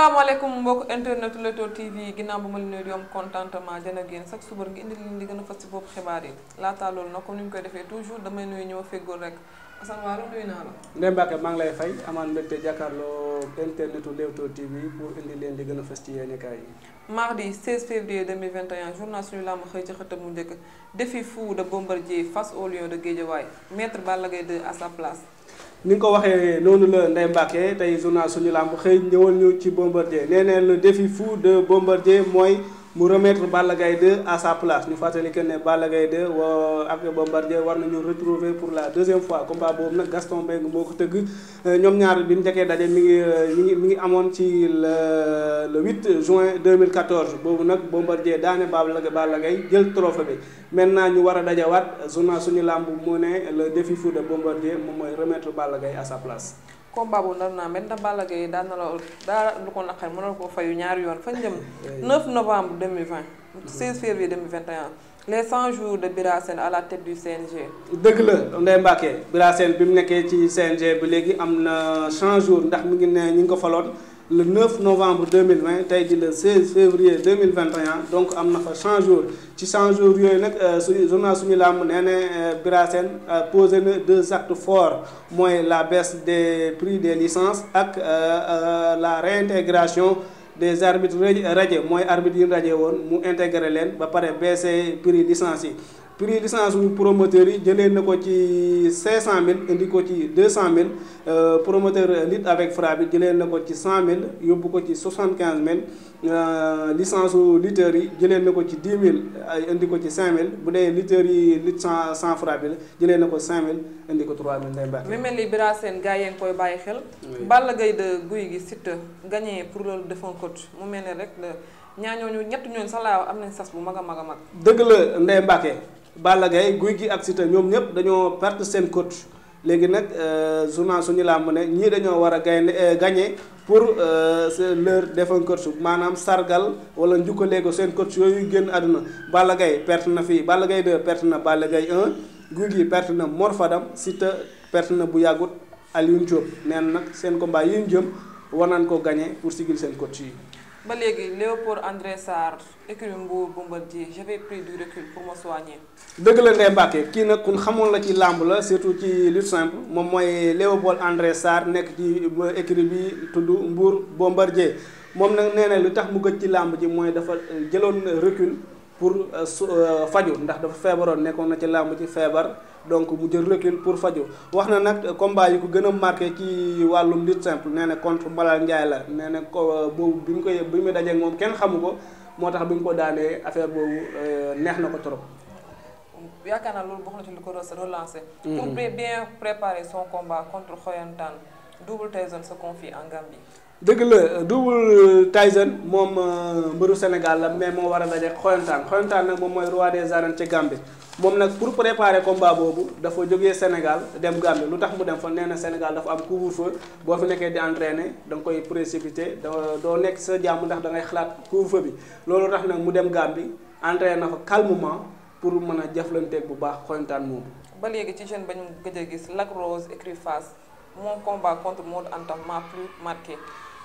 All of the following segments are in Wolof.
salaamaaleykum mbokk internet Leewtoo TV ginnaaw ba ma leen nuyu yom contentement jën ak sax suba nga indi leen li gën a fas ci bopp xibaar yi laataa loolu nag comme ni ñu koy defee toujours damay nuyu ñëw feggoon rek Assane Waalo nuyu naa la. Ndeye Mbacke maa ngi lay fay amaan mbégte jàkkaarloo internetu Leewtoo TV pour indi leen li gën a fas ci yéenekaay yi. mardi 16 février 2021 journal suñu làmb xëy ci xëtam mu njëkk défi fou de Bombardier au lion de Guédiawaye maître Balla Gaye 2 à ni nga ko waxee noonu la ndey Mbacke tey journal suñu làmb xëy ñëwal ñu ci Bombardier nee na le defi fou de Bombardier mooy. mu remettre Balla gay 2 à sa place ñu fàttali que ne Balla Gaye 2 wa ak Bombardier war nañu retrouver pour la deuxième fois combat boobu nag Gaston Mbengue moo ko tëgg euh, ñoom ñaar bi njëkkee daje mi ngi euh, mi ngi mi ngi amoon ci le le 8 juin 2014 boobu nag Bombardier daane Balla Balla Gaye jël trophée bi maintenant ñu war a dajawaat journal suñu làmb mu ne le defi fou de Bombardier moom mooy remettre Balla Gaye à sa place. combat bu nar naa mel ndax Balla Gaye daan na la daa lu ko naqari mënal ko fayu ñaari yoon fan jëm 9 novembre 2020 16 février 2021 les 100 jours de Bira Sène à la tête du CNG. dëgg la Ndeye Mbacke Bira Sène bi mu nekkee ci CNG ba léegi am na 100 jour ndax mu ngi ne ñu ngi ko faloon. le 9 novembre 2020 tey ji le 16 février 2021 donc am na fa 100 jours ci 100 jours yooyu nag euh, su journal suñu làmb nee na euh, Bira Sène euh, posé na deux actes forts mooy la baisse des prix des licences ak la réintégration des arbitres radiés mooy arbitres yi radié woon mu intégré leen ba pare baissé prix licence yi prix licence bu promoteur yi jëlee na ko ci 500000 indi ko ci 200000 euh, promoteur lutte avec Fra bi jëlee na ko ci 100000 yóbbu ko ci 75000 euh, licence su lutteurs yi jëlee na ko ci 10000 indi ko ci 5000 bu dee lutteurs yi lutte sans sans Fra bi la jëlee na ko 5000 indi ko 3000 day baax. mi mel gaa yéen koy bàyyi xel. Balla Gaye de Gouye Gui Siteu gagné pour le défunt coach mu mel ne rek ñaañooñu ñett ñooñu sax laa am nañ sas bu mag a mag a mag. la Ndeye Mbacke. Balla guy gi ak Siteu ñoom ñëpp dañoo perte seen coach léegi nag euh, journal suñu làmb ne ñii dañoo war a gaynde euh, gagné pour euh, leur défunt coach maanaam sargal wala njukkalee ko seen coach yooyu génn àdduna Balla Gaye perte na fii Balla Gaye 2 perte na Balla Gaye 1 guy gi perte na Mor Fadam Siteu perte na bu yàggut Alioune Diop nee nag seen ko yi ñu jëm war nañ ko gañe pour sigil seen coach yi. ba léegi Léopold André Sarr écurie Mbour Bombardier j'avais pris du recul pour me soigner. dëgg la Ndeye Mbacke kii nag kun xamoon la ci làmb la surtout ci lutte simple moom mooy Léopold André Sarr nekk ci écurie bi tudd Mbour Bombardier moom nag nee na lu tax mu gëj ci làmb ji mooy dafa euh, jëloon recul pour euh, su euh, faju ndax dafa feebaroon nekkoon na ci làmb ci feebar. donc mu jël recul pour faju wax na nag combat yi ko gën a marqué ci wàllum lutte simple nee na contre Malal Ndiaye la nee na ko euh, boobu bi mu koy bi mu dajee ak moom kenn xamu ko moo tax bi mu ko daanee affaire boobu euh, neex na ko trop. yaakaar naa loolu bokk na ci lu ko relancer. Mhm. pour bien préparer son combat contre Xoyantaan Double Tyson se confie en Gambie. dëgg la Double Tyson moom euh, mbëru Sénégal la mais moo war a daje Xoyantaan Xoyantaan nag moom mooy roi des arènes ci Gambie. moom nag pour préparer combat boobu dafa jógee Sénégal dem Gambie lu tax mu dem fa nee na Sénégal dafa am couvre-feu boo fi nekkee di entraîner da nga koy précipité da doo nekk sa jàmm ndax dangay xalaat couvre bi loolu tax nag mu dem Gambie entraîner na fa calmement pour mën a jëflanteeg bu baax xoyantaan moomu. ba léegi ci jeune ba ñu gëj a gis Lac Rose écrit face mon combat contre Modou Anta m'a plus marqué.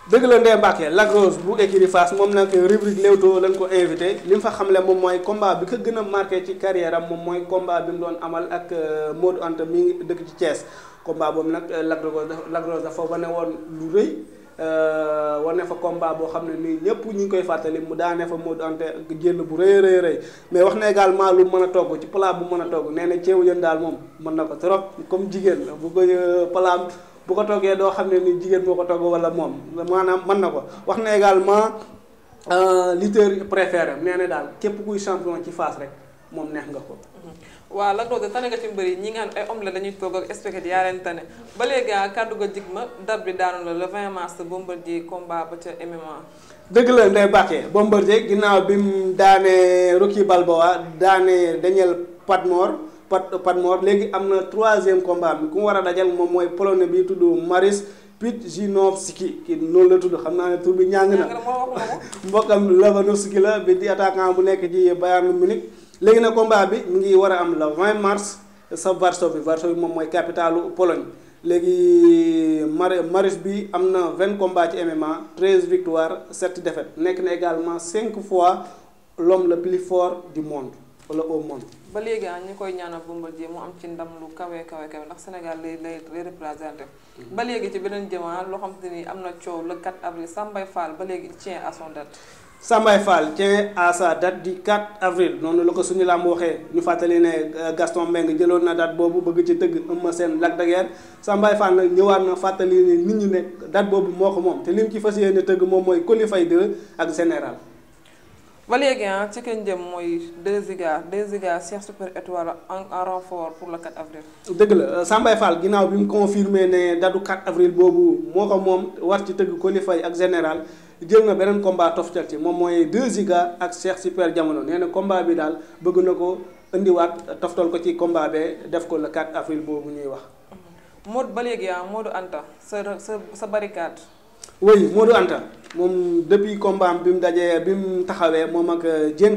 dëgg la Ndeye Mbacke Lac Rose bu écurie Fass moom nag rubrique Leewtoo lañ ko invité li mu fa xamle moom mooy combat bi ko gën a marqué ci carrière moom mooy combat bi mu amal ak euh, Modou Anta mi dëkk ci Thiès combat boobu nag euh, Lac Rose Lac Rose dafa wane woon lu rëy euh, wane fa combat boo xam ne nii ñëpp ñu ngi koy fàttali mu daanee fa Modou Anta jël bu rëy rëy mais wax na également lu mën a togg ci plat bu mën a togg nee na ceebu jën daal moom mën na ko trop comme jigéen bu ko palaam bu ko toggee doo xam ne ni jigéen moo ko togg wala moom maanaam mën na ko wax na également euh, lutteur préféré nee na daal képp kuy champion ci Fass rek moom neex nga ko. waaw Lac Rose tane nga ci mbëri ñi nga xam ay homme la dañuy toog ak expecté yaa leen tane ba léegi ah, kàddu ga jig ma date bi daanu la le 20 mars Bombardier combat ba ca MMA. dëgg la Ndeye Bakke Bombardier ginnaaw bi mu daane Rocky Balboa daane Daniel Padmore. Pat Pat Mor léegi am na troisième combat bi ku war a dajal moom mooy polonais bi tudd Maris Pudzianowski ki noonu la tudd xam naa ne tur bi ñàng na mbokkam Lewandowski la bi di attaquant bu nekk ci Bayern Munich léegi na combat bi mu ngi war a am la 20 mars sa Varsovie Varsovie moom mooy capitalu Pologne léegi mari Maris bi am na 20 combats ci MMA 13 victoires 7 défaites nekk na également cinq fois l'homme le plus fort du monde wala au monde. ba léegi ah ñu koy ñaanal Bombardier mu am ci ndam lu kawe kawe kawe ndax Sénégal lay lay lay représenté. Mm-hmm. ba léegi ci beneen jamono ah, loo xam te ni am na coow le 4 avril Sambay Fall ba léegi tient à son date. Sambay Fall tient à sa date du 4 avril noonu la ko suñu làmb waxee ñu fàttali ne euh, Gaston Mbengue jëloon na date boobu bëgg ci tëgg Eumeu Sène Lac de Guiers Sambay Fall nag ñëwaat na fàttali ne nit ñi ne date boobu moo ko moom te li ci fas yéene tëgg moom mooy Coly Faye ak général. ba léegi ah ci kañ jëm mooy 2 Ziga 2 Ziga Cheikh Super Étoile en renfort pour le 4 avril. dëgg la euh, Sambay Fall ginnaaw bi mu confirmé ne dadu 4 avril boobu moo ko moom war ci tëgg Coly Faye ak général jël na beneen combat toftal ci moom mooy 2 Ziga ak Cheikh Super jamono nee na combat bi daal bëgg na ko indiwaat toftal ko ci combat be def ko le 4 avril boobu ñuy wax. Modou ba léegi ah Modou Anta sa sa sa barricade. oui Modou Anta moom depuis combat bi mu dajee bi mu taxawee moom ak euh, Dieng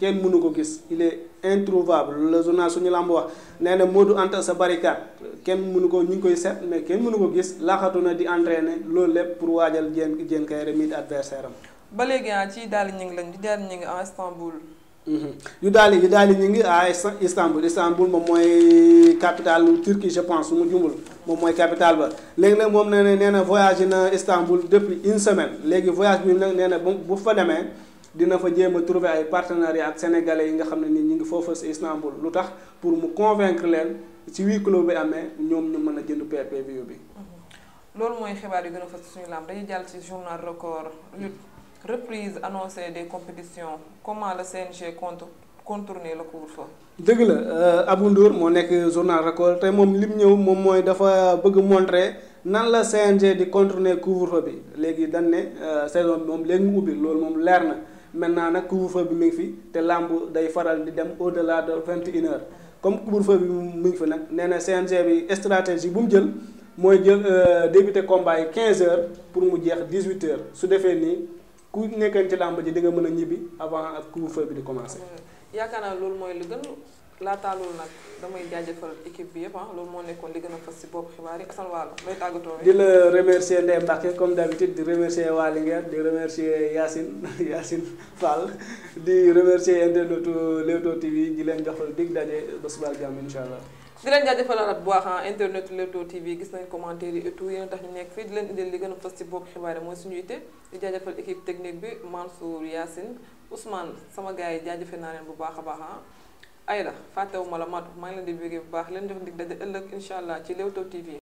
kenn mënu ko gis il est introuvable le journal suñu làmb wax nee na Modou Anta sa barricade kenn mënu ko ñu ngi koy seet mais kenn mënu ko gis laaxatu na di ne loolu lépp pour waajal Dieng Dieng mii mi adversaire am. ba léegi ah ci daal ñu ngi leen di daal ñu ngi en Istanbul. Mhm. yu daal yu daal ñu ngi à Istanbul Istanbul moom mooy capitale Turquie je pense su mu jumbul moom mooy capitale ba léegi nag moom nee na nee na voyagé na Istanbul depuis une semaine léegi voyage bi nag nee na bu fa demee dina fa jéem a trouver ay partenariat ak sénégalais yi nga xam ne ni ñu ngi foofa si Istanbul lu tax pour mu convaincre leen ci huis clos bi amee ñoom ñu mën a jënd PPV bi. loolu mooy xibaar yu gën a fës suñu lamb dañuy jàll ci journal record lutte. reprise annoncée des compétitions comment le CNG compte contourner la couvre-feu. dëgg la euh, Abou Ndour moo nekk journal Record tey moom lim ñëw moom mooy dafa bëgg montrer nan la CNG di contourner couvre bi léegi dañ ne euh, saison bi moom léegi mu ubbi loolu moom leer na maintenant nag couvre-feu bi mu ngi fi te làmb day faral di dem au-delà de vingt et une heures comme couvre bi mu ngi fi nag nee na CNG bi stratégie bu mu jël. mooy jël euh, débuté combat yi 15 heures pour mu jeex 18 heures su defee nii ku nekkoon ci làmb ji dinga mën a ñibbi avant ak couvre-feu bi di commencer. Mm. yaakaar naa loolu mooy lu gën laataa loolu nag damay jaajëfal équipe bi yëpp ah loolu moo nekkoon li gën a fës si bopp xibaar yi Assane Waalo looy tàggatoo di la remercier Ndeye Mbacke comme d'habitude di remercier waa Linguère di remercier Yacine Yacine Fall di remercier internetu Leewtoo TV di leen jox dig daje ba suba ak jàmm allah. di leen jaajëfalaat bu baax ah, internet Leewtoo TV gis nañ commentaire yi et tout yéen tax ñu nekk fii di leen indil li gën a fës ci boobu xibaar mooy suñu yitte di jaajëfal équipe technique bi Mansour Yacine Ousmane sama gaa yi jaajëfe naa leen bu baax a baax Ayda ah. fàttewuma la Matu maa leen di bëggee bu baax leen jox ndig daje ëllëg incha allah ci Leewtoo TV